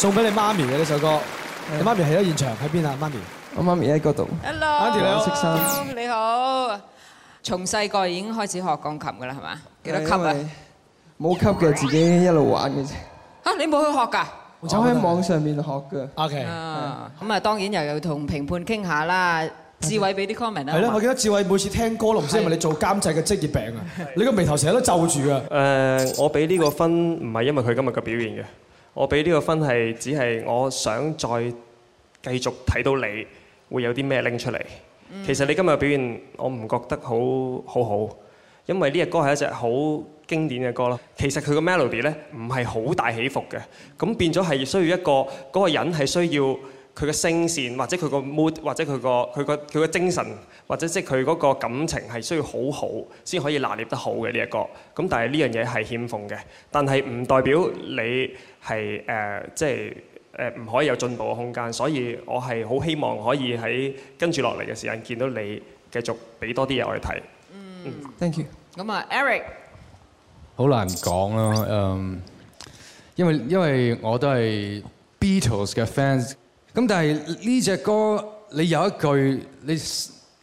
送俾你媽咪嘅呢首歌，你媽咪喺咗現場，喺邊啊？媽咪，我媽咪喺嗰度。Hello，Andy 你好。你好，從細個已經開始學鋼琴㗎喇，係嘛？幾多級啊？冇級嘅，自己一路玩嘅啫。嚇，你冇去學㗎？我走喺網上面學㗎。OK。咁啊，當然又要同評判傾下啦。智偉，俾啲 comment 啊。係啦，我記得智偉每次聽歌都唔知係咪你做監製嘅職業病啊？你個眉頭成日都皺住㗎。誒，我俾呢個分唔係因為佢今日嘅表現嘅。我俾呢個分係，只係我想再繼續睇到你會有啲咩拎出嚟。其實你今日表現，我唔覺得好好好，因為呢隻歌係一隻好經典嘅歌啦。其實佢個 melody，呢唔係好大起伏嘅，咁變咗係需要一個嗰個人係需要。佢嘅聲線，或者佢個 mood，或者佢個佢個佢個精神，或者即係佢嗰個感情係需要好好先可以拿捏得好嘅呢一個。咁但係呢樣嘢係欠奉嘅。但係唔代表你係誒，即係誒唔可以有進步嘅空間。所以我係好希望可以喺跟住落嚟嘅時間見到你繼續俾多啲嘢、mm. 我哋睇。thank you。咁啊，Eric，好難講咯。嗯，因為因為我都係 Beatles 嘅 fans。咁但係呢隻歌你有一句你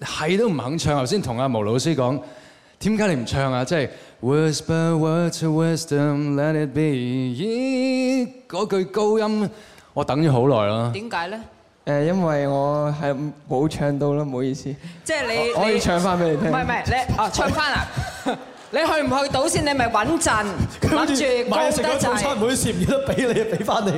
係都唔肯唱，頭先同阿毛老師講，點解你唔唱啊？即係 Whisper words of wisdom, let it be。嗰句高音我等咗好耐啦。點解咧？誒，因為我係冇唱到啦，唔好意思。即係你，可以唱翻俾你聽。唔係唔係，你哦唱翻啊？你去唔去到先？你咪揾陣，揾住高音陣。唔好意思，唔記得俾你，俾翻你。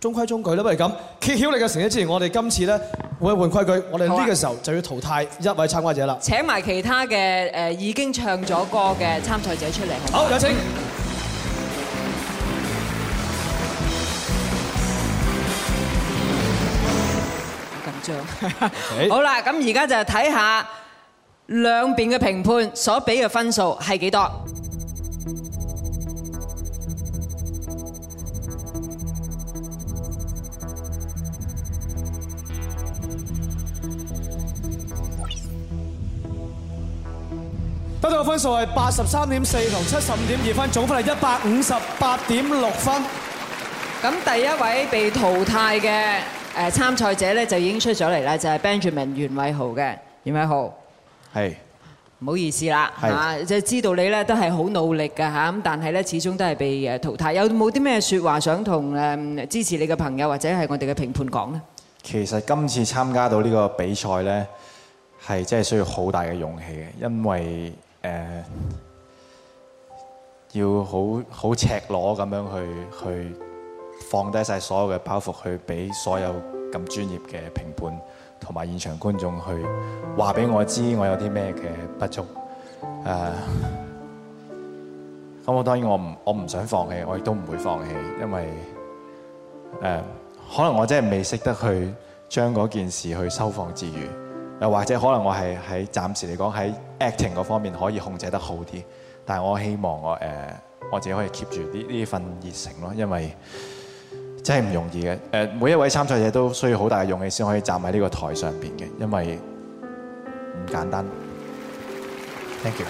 中規中矩啦，不如咁，揭曉你嘅成績之前，我哋今次咧會換規矩，我哋呢個時候就要淘汰一位參賽者啦。請埋其他嘅誒已經唱咗歌嘅參賽者出嚟。好，有請。好緊張。好啦，咁而家就睇下兩邊嘅評判所俾嘅分數係幾多？嘅分數係八十三點四同七十五點二分，總分係一百五十八點六分。咁第一位被淘汰嘅誒參賽者咧，就已經出咗嚟啦，就係 Benjamin 袁偉豪嘅袁偉豪。係係，係，唔好意思啦，嚇，就知道你咧都係好努力嘅嚇，咁但係咧始終都係被誒淘汰。有冇啲咩説話想同誒支持你嘅朋友或者係我哋嘅評判講咧？其實今次參加到呢個比賽咧，係真係需要好大嘅勇氣嘅，因為誒，要好好赤裸咁樣去去放低晒所有嘅包袱，去俾所有咁專業嘅評判同埋現場觀眾去話俾我知，我有啲咩嘅不足。誒，咁我當然我唔我唔想放棄，我亦都唔會放棄，因為誒，可能我真係未識得去將嗰件事去收放自如，又或者可能我係喺暫時嚟講喺。acting 嗰方面可以控制得好啲，但係我希望我誒、呃、我自己可以 keep 住呢呢份熱誠咯，因為真係唔容易嘅。誒，每一位參賽者都需要好大嘅勇氣先可以站喺呢個台上邊嘅，因為唔簡單。Thank you。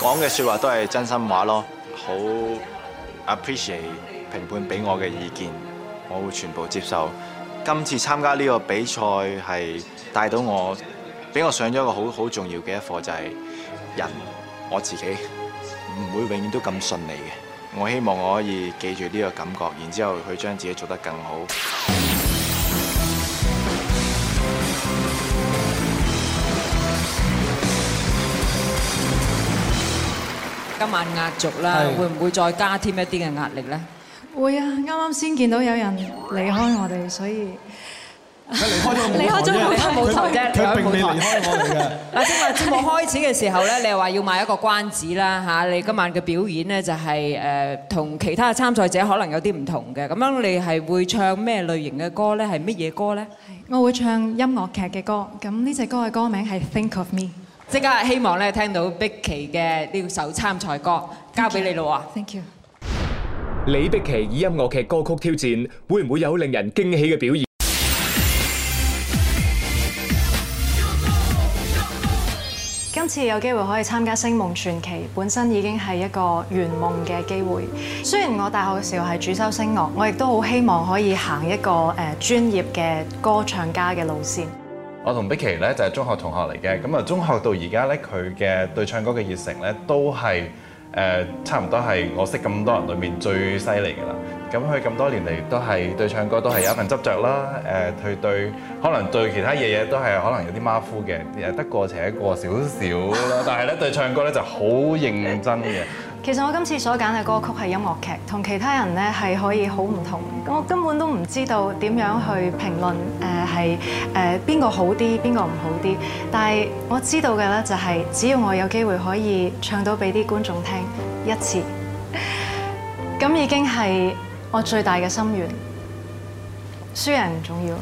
講嘅說話都係真心話咯，好 appreciate 評判俾我嘅意見，我會全部接受。今次參加呢個比賽，係帶到我。俾我上咗一個好好重要嘅一課，就係人我自己唔會永遠都咁順利嘅。我希望我可以記住呢個感覺，然之後去將自己做得更好。今晚壓軸啦，會唔會再加添一啲嘅壓力呢？會啊！啱啱先見到有人離開我哋，所以。你開咗舞台舞台啫，佢並未離開我嘅。嗱，今晚節目開始嘅時候咧，你又話要賣一個關子啦嚇。你今晚嘅表演咧就係誒同其他嘅參賽者可能有啲唔同嘅。咁樣，你係會唱咩類型嘅歌咧？係乜嘢歌咧？我會唱音樂劇嘅歌。咁呢隻歌嘅歌名係 Think of Me。即刻希望咧聽到璧琦嘅呢首參賽歌，交俾你啦喎。Thank you。李璧琦以音樂劇歌曲挑戰，會唔會有令人驚喜嘅表現？次有機會可以參加《星夢傳奇》，本身已經係一個圓夢嘅機會。雖然我大學嘅時候係主修聲樂，我亦都好希望可以行一個誒專業嘅歌唱家嘅路線。我同璧琦咧就係、是、中學同學嚟嘅，咁啊，中學到而家咧，佢嘅對唱歌嘅熱誠咧，都係誒、呃、差唔多係我識咁多人裡面最犀利嘅啦。咁佢咁多年嚟都係對唱歌都係有一份執着啦。誒，佢對可能對其他嘢嘢都係可能有啲馬虎嘅，誒得過且過少少啦。但係咧對唱歌咧就好認真嘅。其實我今次所揀嘅歌曲係音樂劇，同其他人咧係可以好唔同。我根本都唔知道點樣去評論誒係誒邊個好啲，邊個唔好啲。但係我知道嘅咧就係，只要我有機會可以唱到俾啲觀眾聽一次，咁已經係。我最大嘅心願，輸贏唔重要。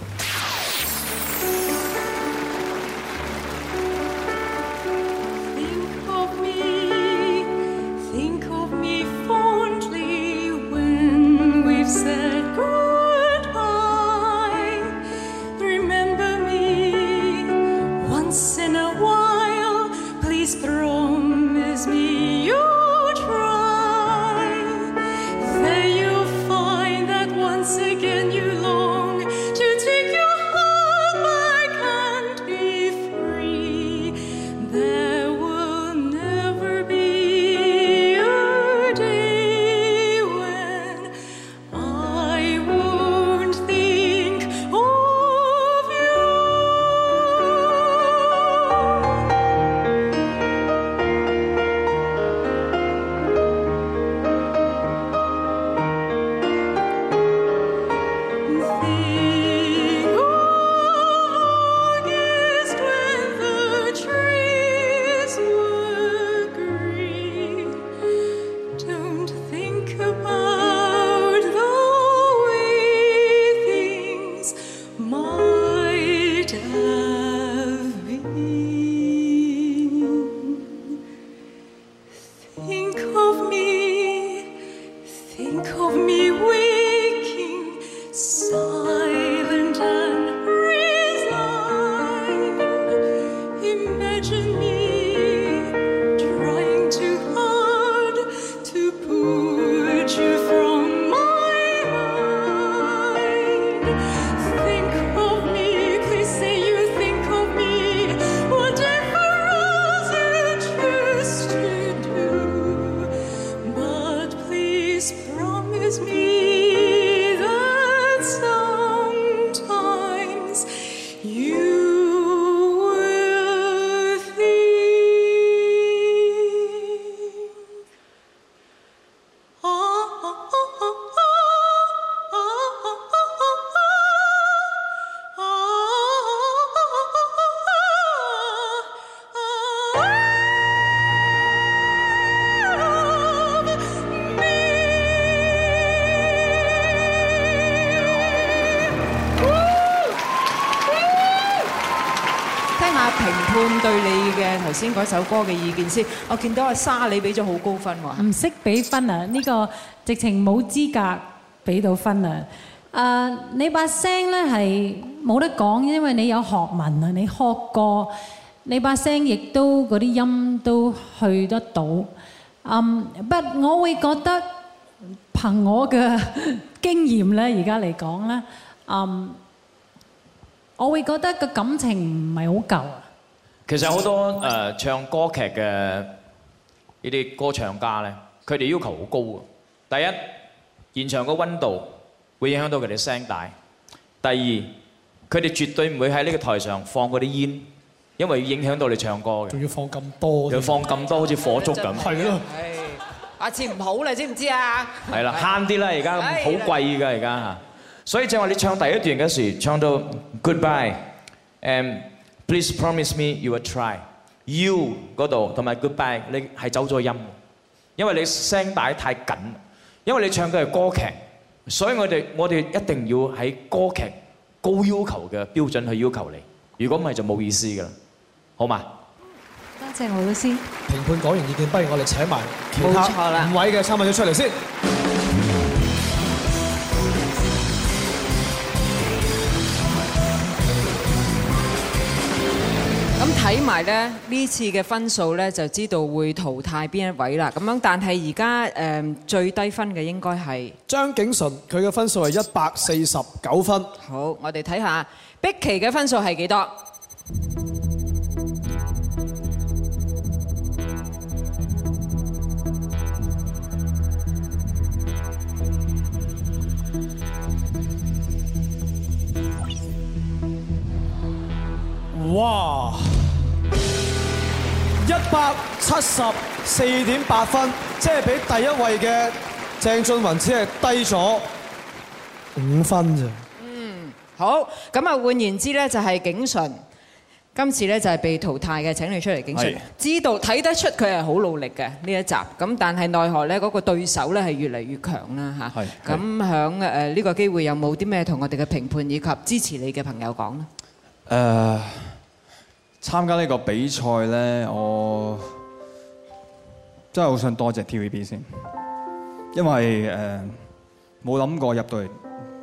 嗰首歌嘅意見先，我見到阿沙你俾咗好高分喎，唔識俾分啊！呢個直情冇資格俾到分啊！誒，你把聲咧係冇得講，因為你有學問啊，你學過，你把聲亦都嗰啲音都去得到。嗯，不，我會覺得憑我嘅經驗咧，而家嚟講咧，嗯，我會覺得個感情唔係好夠啊。其實好多誒唱歌劇嘅呢啲歌唱家咧，佢哋要求好高嘅。第一，現場個溫度會影響到佢哋聲帶。第二，佢哋絕對唔會喺呢個台上放嗰啲煙，因為影響到你唱歌嘅。仲要放咁多？要放咁多，好似火燭咁。係咯。下次唔好啦，知唔知啊？係啦，慳啲啦！而家好貴㗎，而家。所以正話你唱第一段嗰時，唱到 Goodbye and。Please promise me you will try. You 嗰度同埋 goodbye，你係走咗音，因為你聲帶太緊，因為你唱嘅係歌劇，所以我哋我哋一定要喺歌劇高要求嘅標準去要求你。如果唔係就冇意思噶啦，好嗎？多謝何老師。評判講完意見，不如我哋請埋其他五位嘅參選者出嚟先。咁睇埋咧呢次嘅分數呢，就知道會淘汰邊一位啦。咁樣，但係而家誒最低分嘅應該係張景淳，佢嘅分數係一百四十九分。好，我哋睇下璧琦嘅分數係幾多？哇！一百七十四點八分，即係比第一位嘅鄭俊弘只係低咗五分咋？嗯，好，咁啊換言之咧，就係景淳，今次咧就係被淘汰嘅，請你出嚟，景淳，知道睇得出佢係好努力嘅呢一集，咁但係奈何咧嗰個對手咧係越嚟越強啦吓，咁響誒呢個機會有冇啲咩同我哋嘅評判以及支持你嘅朋友講咧？誒、呃。參加呢個比賽呢，我真係好想多謝 TVB 先，因為誒冇諗過入到嚟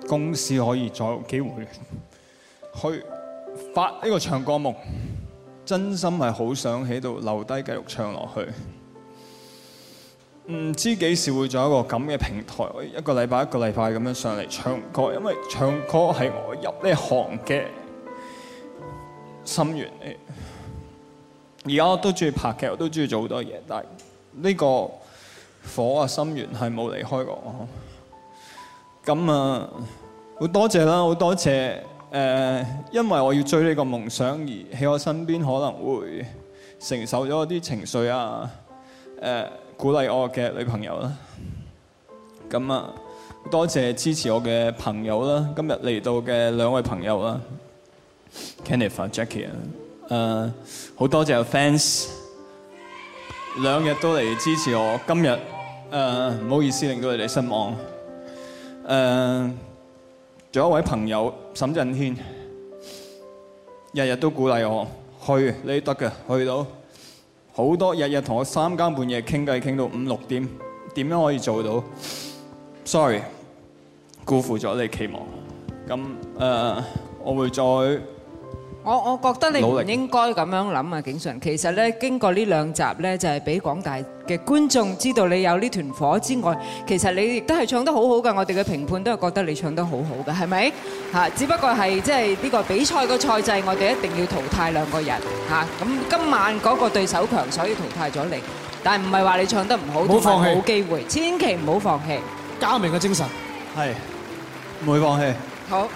公司可以再有機會去發呢個唱歌夢，真心係好想喺度留低繼續唱落去。唔知幾時會再一個咁嘅平台一，一個禮拜一個禮拜咁樣上嚟唱歌，因為唱歌係我入呢行嘅心願，誒，而家我都中意拍劇，我都中意做好多嘢，但係呢個火啊，心願係冇離開過我。咁啊，好多謝啦，好多謝，誒，因為我要追呢個夢想而喺我身邊可能會承受咗啲情緒啊，誒，鼓勵我嘅女朋友啦。咁啊，多謝支持我嘅朋友啦，今日嚟到嘅兩位朋友啦。Jennifer、uh、Jackie 啊，好多謝 fans 兩日都嚟支持我今日，今日誒唔好意思令到你哋失望、uh。誒仲有一位朋友沈振軒，日日都鼓勵我去，你得嘅去到好多日日同我三更半夜傾偈，傾到五六點，點樣可以做到？Sorry 辜負咗你的期望，咁、uh、誒我會再。我我覺得你唔應該咁樣諗啊，景淳。其實咧，經過呢兩集咧，就係俾廣大嘅觀眾知道你有呢團火之外，其實你亦都係唱得好好噶。我哋嘅評判都係覺得你唱得好好噶，係咪？嚇，只不過係即係呢個比賽個賽制，我哋一定要淘汰兩個人。嚇，咁今晚嗰個對手強，所以淘汰咗你。但係唔係話你唱得唔好，都係冇機會。千祈唔好放棄，革命嘅精神。係，唔會放棄。好。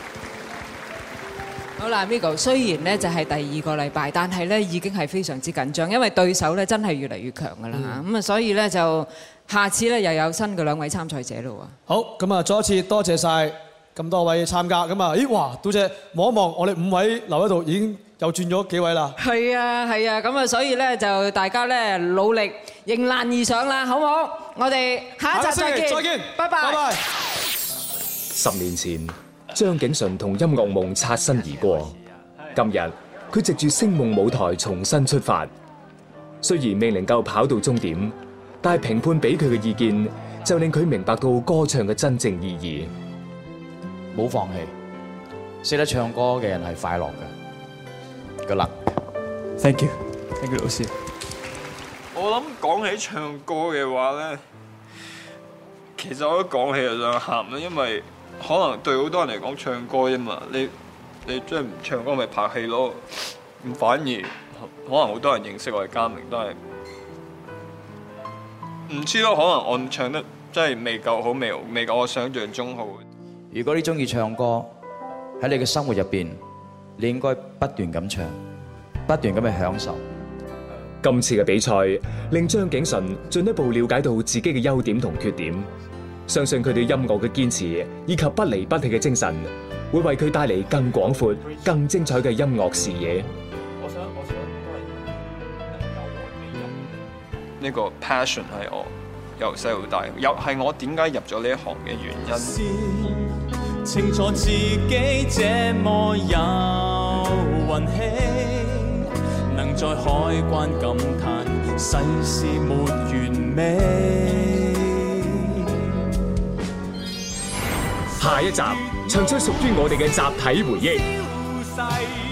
好啦，Miko，雖然咧就係第二個禮拜，但係咧已經係非常之緊張，因為對手咧真係越嚟越強噶啦嚇。咁啊，所以咧就下次咧又有新嘅兩位參賽者咯喎。好，咁啊，再一次多謝晒咁多位參加。咁啊，咦哇，多謝，望一望我哋五位留喺度，已經又轉咗幾位啦。係啊，係啊，咁啊，所以咧就大家咧努力迎難而上啦，好唔好？我哋下一集再見。下星期，再見，拜拜。十年前。張景淳同音樂夢擦身而過，今日佢藉住星夢舞台重新出發，雖然未能夠跑到終點，但係評判俾佢嘅意見就令佢明白到歌唱嘅真正意義。冇放棄，識得唱歌嘅人係快樂嘅，Good luck。Thank you, Thank you 老師。我諗講起唱歌嘅話咧，其實我都講起就想喊啦，因為。可能對好多人嚟講唱歌啫嘛你，你你即係唔唱歌咪拍戲咯，咁反而可能好多人認識我係嘉明，都係唔知咯，可能我唱得真係未夠好，未未夠我想象中好。如果你中意唱歌，喺你嘅生活入邊，你應該不斷咁唱，不斷咁去享受。今次嘅比賽令張景淳進一步了解到自己嘅優點同缺點。相信佢對音樂嘅堅持以及不離不棄嘅精神，會為佢帶嚟更廣闊、更精彩嘅音樂視野。呢個 passion 係我由細到大，又係我點解入咗呢一行嘅原因。下一集，唱出屬於我哋嘅集體回憶。